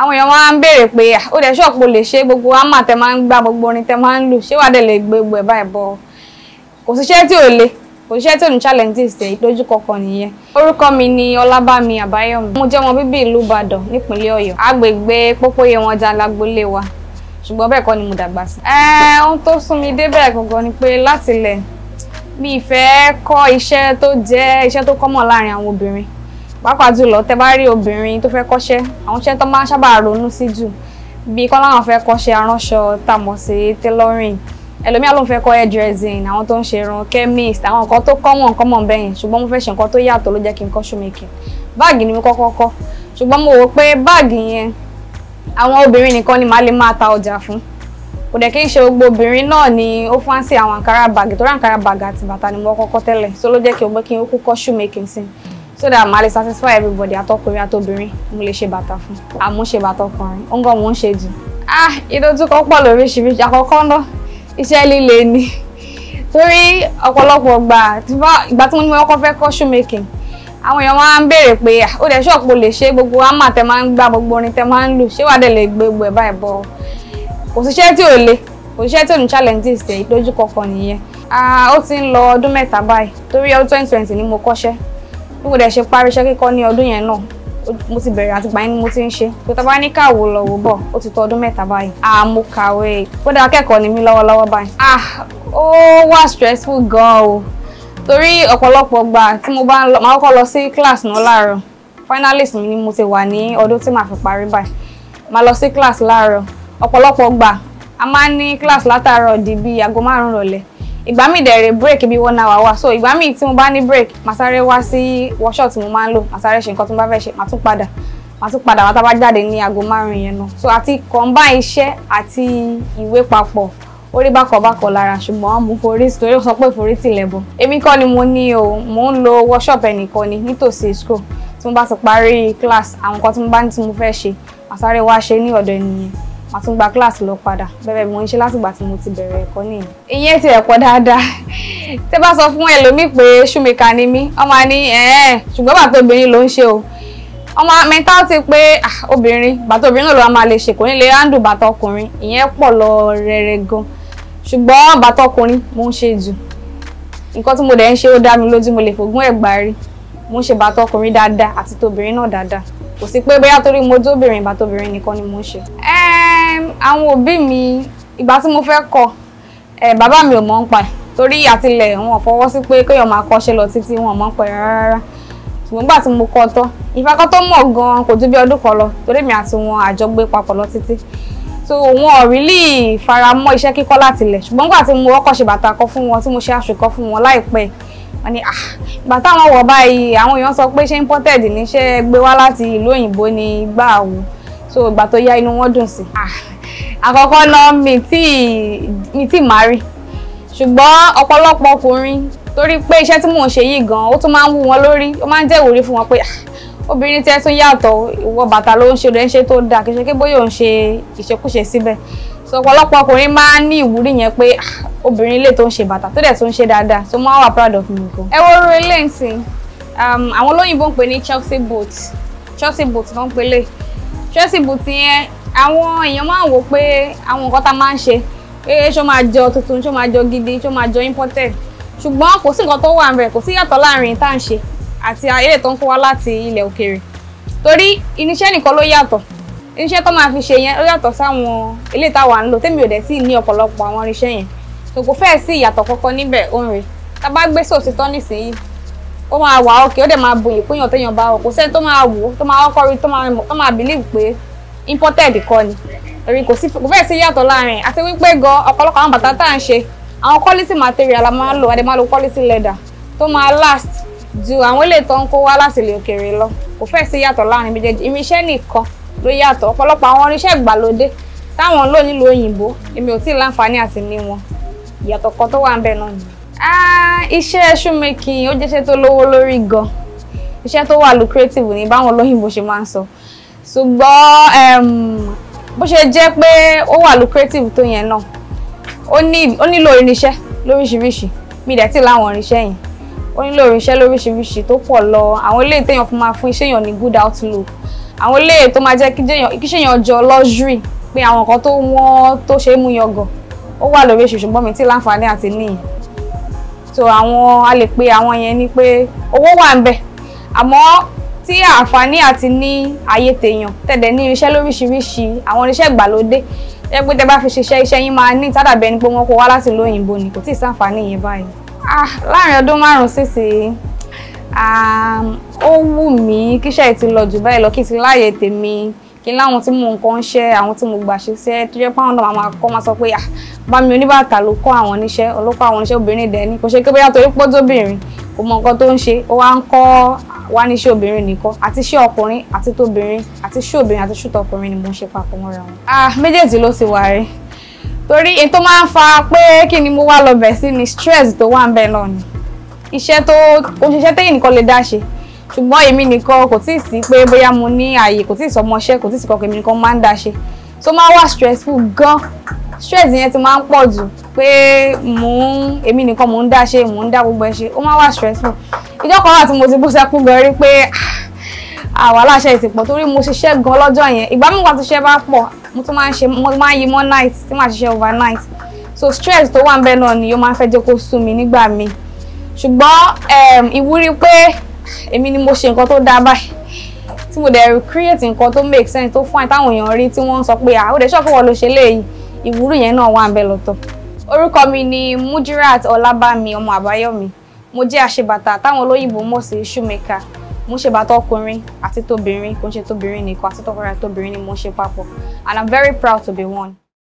àwọn èèyàn máa ń béèrè pé ah, ó dẹ̀ ṣọ́ọ̀pù lè ṣe gbogbo ámà tẹ máa ń gbá gbogbo orin tẹ máa ń lù ṣé wàá dẹ̀ lè gbé gbogbo ẹ̀ báyìí bọ̀ kò síṣẹ́ tí ò le kò síṣẹ́ tí ò ní challenges tẹ̀ lójú kọkọ nìyẹn. orúkọ mi ni ọlábàmí àbáyọ̀mí mo jẹ́ ọmọ bíbí ìlú ìbàdàn nípínlẹ̀ ọ̀yọ́ agbègbè pópóye wọn já lágbólé wa ṣùgbọ́n bẹ́ẹ̀ kọ́ ni mo dàgbà sí. ohun tó sún pàápàá jùlọ tẹ bá rí obìnrin tó fẹ́ kọ́ṣẹ́ àwọn iṣẹ́ tó máa ń sábà ronú sí jù bíi kọ́ láwọn fẹ́ kọ́ṣẹ́ aránṣọ tàmọ̀ sí tailoring ẹlòmíà ló ń fẹ́ kọ́ hairdressing àwọn tó ń ṣe irun chemist àwọn nǹkan tó kọ́ wọn nǹkan mọ̀ bẹ́yìn ṣùgbọ́n mo fẹ́ ṣe nǹkan tó yàtọ̀ ló jẹ́ kí n kọ́ shoemaking báàgì ni mo kọ́kọ́ kọ́ ṣùgbọ́n mo wò pé báàgì yẹn àwọn obìnrin nìkan ni màá lè máa ta ọjà fún kò dẹ̀ kí n ṣe gbogbo obìnrin náà ni ó fáǹsì àwọn àǹkárá bàgì tó ráǹkárá bàgì àti bàtà ni mo kọ́kọ́ tẹ́lẹ̀ so ló jẹ́ kí n kú kọ́ shoemaking sí i so that màá lè satisfy everybody àtọkùnrin àtobìnrin mo lè ṣe bàtà fún àmọ́ ṣe bàtà ọkùnrin ó ń gbọ́ mo ń ṣe jù. ah ìdójúkọ pọ̀ lóríṣiríṣi àkọ́kọ́ náà iṣẹ́ líle ni torí ọ̀pọ̀lọpọ̀ gbà ìgbà tí mo ní mo kọ́ fẹ́ kọ́ shoemaking àwọn èèyàn máa ń béèrè pé ah, ó dẹ̀ ṣọ́ọ̀pù lè ṣe gbogbo ámà tẹ máa ń gbá gbogbo orin tẹ máa ń lù ṣé wàá dẹ̀ lè gbé gbogbo ẹ̀ báyìí bọ̀ kò síṣẹ́ tí ò le kò síṣẹ́ tí ò ní challenges tẹ̀ ìdójúkọ kan nìyẹn ah, ó ti ń lọ ọdún mẹ́ta báyìí torí ọdún twenty twenty ni mo kọ́ṣẹ́ bí mo dẹ̀ ṣe parí iṣẹ́ kíkọ́ ní ọdún yẹn náà mo ti bẹ̀rẹ̀ àti gbàyìn ni mo ti ń ṣe tó tá bá ní kàwó lọ wò bọ̀ ó ti tó ọdún mẹ́ta báyìí ah mo kàwé kódà akẹ́kọ̀ọ́ ni mí lọ́wọ́lọ́wọ́ báyìí ah ó wà stressful gan o torí ọ̀pọ̀lọpọ̀ gbà tí mo bá ń lọ màá kọ́kọ́ lọ sí class náà láàárọ̀ finalist mi ni mo ti wà ní ọdún tí màá fi parí báyìí màá lọ sí class láàárọ̀ ọ̀pọ̀lọpọ̀ gbà a máa ń ní class látàárọ̀ di bíi aago márùn-ún rọ̀lẹ́ ìgbà míì dẹ̀rẹ̀ break bí one hour wà so ìgbà mi tí mo bá ní break màá sáré wá sí workshop tí mo máa ń lò màá sáré ṣe nǹkan tí mo bá fẹ́ ṣe màá tún padà màá tún padà wá tá bá jáde ní aago márùn yẹn náà so àti kọ̀ǹbá iṣẹ́ àti ìwé papọ̀ orí bákọ̀bákọ̀ lára ṣùgbọ́n mo forí torí ó sọ pé forí tilẹ̀ bọ̀ èmi kọ́ ni mo ní o mò ń lo workshop ẹnìkan ni nítòsí school tí mo bá ti parí class àwọn nǹkan tí mo bá ní tí mo fẹ́ ṣe màá sáré wá ṣe ní ọ̀dọ̀ ènìyàn màá tún gba kíláàsì lọ padà bẹ́ẹ̀ mo ń ṣe látìgbà tí mo ti bẹ̀rẹ̀ ẹ̀kọ́ nìyẹn. ìyẹn ti ẹ̀kọ́ dáadáa tẹ́ bá sọ fún ẹlòmíì pé ṣúmìkà ni mí ọmọ ní ẹ̀ẹ́n ṣùgbọ́n bàtà obìnrin ló ń ṣe o ọmọ mẹ́ńtálítì pé ah, obìnrin bàtà obìnrin náà ló máa lè ṣe kò ní lè áńdù bàtà ọkùnrin ìyẹn pọ̀ lọ rẹ̀rẹ̀ gan ṣùgbọ́n bàtà ọkùnrin mo ń ṣe jù nǹkan tí mo dẹ̀ ń ṣe ó dá mi lójú mo lè fògún ẹ̀gbà rí mo ń ṣe bàtà ọkùnrin dáadáa àti tobìnrin náà dáadáa kò sí pé bóyá torí mo jóbìnrin bàtà obìnrin nìkan ni mo ń ṣe. ẹ àwọn òbí mi ìgbà tí mo fẹ́ kọ bàbá mi ò mọ̀ ń pa ẹ̀ torí àtilẹ̀ wọn fọwọ́ sí pé kéèyàn máa kọ́ṣẹ́ lọ títí wọn mọ̀ ń pa ẹ̀ rárá ṣùgbọ́n gbà tí mo kọ́ tọ́ ìfakọ́ tó mọ̀ gan-an kò ju bí ọdún kan lọ torí mi àti wọn àjọ gbé papọ̀ lọ títí so wọn ò rílì faramọ́ iṣẹ́ kíkọ́ láti ilẹ̀ ṣùgbọ́n gbà tí mo kọ́kọ́ ṣe bàtà kọ́ fún wọn tí mo ṣe àṣùkọ́ fún wọn láìpẹ́ wọn ni ah, ìgbà táwọn wọ̀ báyìí àwọn èèyàn sọ pé ṣé imported níṣẹ́ gbé wá láti ìlú òyìnbó ni gbà wò so ìgbà tó yá inú wọn dùn sí ah, àkọ́kọ́ náà mi tí mi tí màá rí ṣùgbọ́n ọ̀pọ̀lọpọ̀ ọkùnrin torí pé iṣẹ́ tí mò ń ṣe yìí gan ó tún máa ń wú wọn lórí ó máa ń jẹ́ ìwúrí fún wọn pé ah, obìnrin tí ẹ tún yàtọ̀ ìwọ bàtà ló ń ṣe ló ń ṣe tó dáa kì í ṣe pé bóyá ò ń ṣe ìṣekúṣe síbẹ̀ so ọ̀pọ̀lọpọ̀ ọkùnrin máa ń ní ìwúrí yẹn pé ah, obìnrin ilé tó ń ṣe bàtà tó dẹ̀ tó ń ṣe dáadáa so wọ́n wà proud of me gan. ẹ wo oró ilé ǹsìn um, àwọn olóyìnbó ń pè ní Chelsea boot Chelsea boot ló ń pè dressing boot yẹn àwọn èèyàn máa ń wò pé àwọn nǹkan tá a máa ń ṣe ee ṣó máa jọ tuntun ṣó máa jọ gidi ṣó máa jọ imported ṣùgbọ́n kò sí nǹkan tó wà nbẹ̀ kò sí yàtọ̀ láàrin tá à ń ṣe àti ayé tó ń kó wá láti ilẹ̀ òkèèrè torí irinṣẹ́ nìkan ló yàtọ̀ irinṣẹ́ tó máa fi ṣe yẹn ó yàtọ̀ sáwọn eléyìí táwa ń lò tèmi ò dẹ̀ sí ní ọ̀pọ̀lọpọ̀ àwọn irinṣẹ́ yẹn kò kò fẹ́ẹ̀ sí ìyàtọ̀ kankan níbẹ̀ òun rè tá a bá gbé sòtítọ́ nísìnyí ó máa wà ókè ó dẹ̀ máa bòyìn pé èèyàn téèyàn bá wọ̀ kò sẹ́ni tó máa wò tó máa kọ́ rí tó máa mọ̀ believe pé imported kọ́ ni torí kò sí kò fẹ́ẹ̀ sí yàtọ̀ láàrin àti wípé gan ọ̀pọ̀lọpọ̀ àwọn bàtà tá à ń ṣe àwọn quality material a máa lò a dẹ̀ máa lo quality leather tó máa last ju àwọn eléyìí tó ń kó wá láti ilẹ̀ òkèèrè lọ kò fẹ́ẹ̀ sí yàtọ̀ láàrin méjèèjì irinṣẹ́ nìkan ló yàtọ̀ ọ̀pọ̀lọpọ̀ àwọn irinṣẹ́ ìgbàlódé táwọn lò nílùú òyìnbó èmi ò tí ì láǹfààní àti ní wọn ìyàtọ̀ kan tó wà ń bẹ náà nìyẹn. Ah, iṣẹ́ shoemaking ó jẹ́ṣẹ́ tó lówó lórí gan iṣẹ́ tó wà lucrative ní báwọn olóyìnbó ṣe máa ń sọ ṣùgbọ́n ehm, bó ṣe jẹ́ pé ó wà lucrative tó yẹn náà ó nílò irinṣẹ́ lóríṣiríṣi mi dẹ̀ tí láwọn irinṣẹ́ yẹn ó nílò irinṣẹ́ lóríṣiríṣi tó pọ̀ lọ àwọn eléyìí téèyàn fún máa fún iṣẹ́ yẹn ní good outlook àwọn eléyìí tó máa jẹ́ kíṣẹ́ yẹn jọ luxury pé àwọn nǹkan tó wọ́n tó ṣe é mú yangàn ó wà lóríṣiríṣi ṣùgbọ́n mi tí láǹfààní àti níyì so àwọn a lè pe àwọn yẹn ni pé owó wà ń bẹ àmọ́ tí àǹfààní àti ní ayé tèèyàn tẹ̀dẹ̀ ní irinṣẹ́ lóríṣiríṣi àwọn irinṣẹ́ ìgbàlódé jẹ́ pé tẹ bá fi ṣiṣẹ́ iṣẹ́ yín máa ní tádàbí ẹni pé wọ́n kó wá láti lóyìnbó ni kò tí ì sáǹfààní yẹn báyìí. Ah, láàrin ọdún márùn-ún um, ó wù mí kíṣẹ́ ti lọ jù báyìí lọ kí ti láàyè tèmi kí láwọn tí mò ń kọ́ ń ṣe àwọn tí mo gbà ṣiṣẹ́ tó jẹ́ pé àwọn náà máa kọ́ máa sọ pé ah, bá mi oníbàtà ló kọ́ àwọn níṣẹ́ ọlọ́kọ́ àwọn níṣẹ́ obìnrin dẹ̀ ni kò ṣe pé bóyá torí pọ́ tóbìnrin kò mọ nǹkan tó ń ṣe ó wá ń kọ́ wá níṣẹ́ obìnrin nìkan àti iṣẹ́ ọkùnrin àti tóbìnrin àti iṣẹ́ obìnrin àti iṣẹ́ tọkùnrin ni mo ń ṣe papọ̀ mọ́ra wọn. ah méjèèjì ló ti wà rí torí èyí tó máa ń fa pé kí ni mo wá lọ bẹ̀ sí ni stress tó wà ń bẹ̀ náà ni iṣẹ́ tó kò ṣiṣẹ́ téyìn nìkan lè dá ṣe ṣùgbọ́n èmi nìkan kò tí ì sí pé bóyá mo ní ààyè kò tí ì sọmọṣẹ́ kò tí ì sí kọkọ èmi nìkan máa ń dá ṣe so máa wà stressful gan stress yẹn ti máa ń pọ̀ jù pé mò ń èmi nìkan mò ń dá ṣe mò ń dá gbogbo ẹ ṣe ó máa wà stressful ìjọ kan wà tí mo ti bú sẹ́kún gan rí pé ah, àwa aláṣẹ ìsìnpọ̀ torí mo ṣiṣẹ́ gan lọ́jọ́ yẹn ìgbà mi wà tíṣẹ́ bá pọ̀ mo tún máa ń ṣe mo máa ń yí mọ́ night tí màá ṣiṣẹ́ overnight so stress tó wà ń bẹ náà ni ó máa ń fẹ́ jẹ́ kó sú mi nígbà mi ṣùgbọ́n ehm, ìwúrí pé èmi ni mo ṣe nǹkan tó dáa báyìí tí mo dẹ̀ create nǹkan tó make sense tó fún àìtáwọn èèyàn rí tí wọ́n ń sọ pé àwọn ah, òde ṣọ́ọ̀kì wọn ló ṣe léyìí ìwúrí yẹn náà wà ń bẹ lọ́tọ̀ orúkọ mi ni Mujirat Ọlábàmí ọmọ Àbáyọ̀mí mo jẹ́ àṣebàtà táwọn olóyìnbó mọ̀ sí shoemaker mo ṣe bàtà ọkùnrin àti tóbìnrin kò ń ṣe tóbìnrin nìkan àti tọkùnrin àti tóbìnrin ni mo ṣe papọ̀ and I'm very proud to be one.